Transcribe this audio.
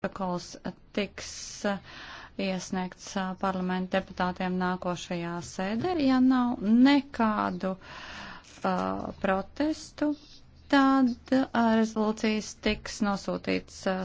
protokols tiks eh, iesniegts eh, parlamenta deputātiem nākošajā sēdē. Ja nav nekādu uh, protestu, tad uh, rezolūcijas tiks nosūtīts. Uh,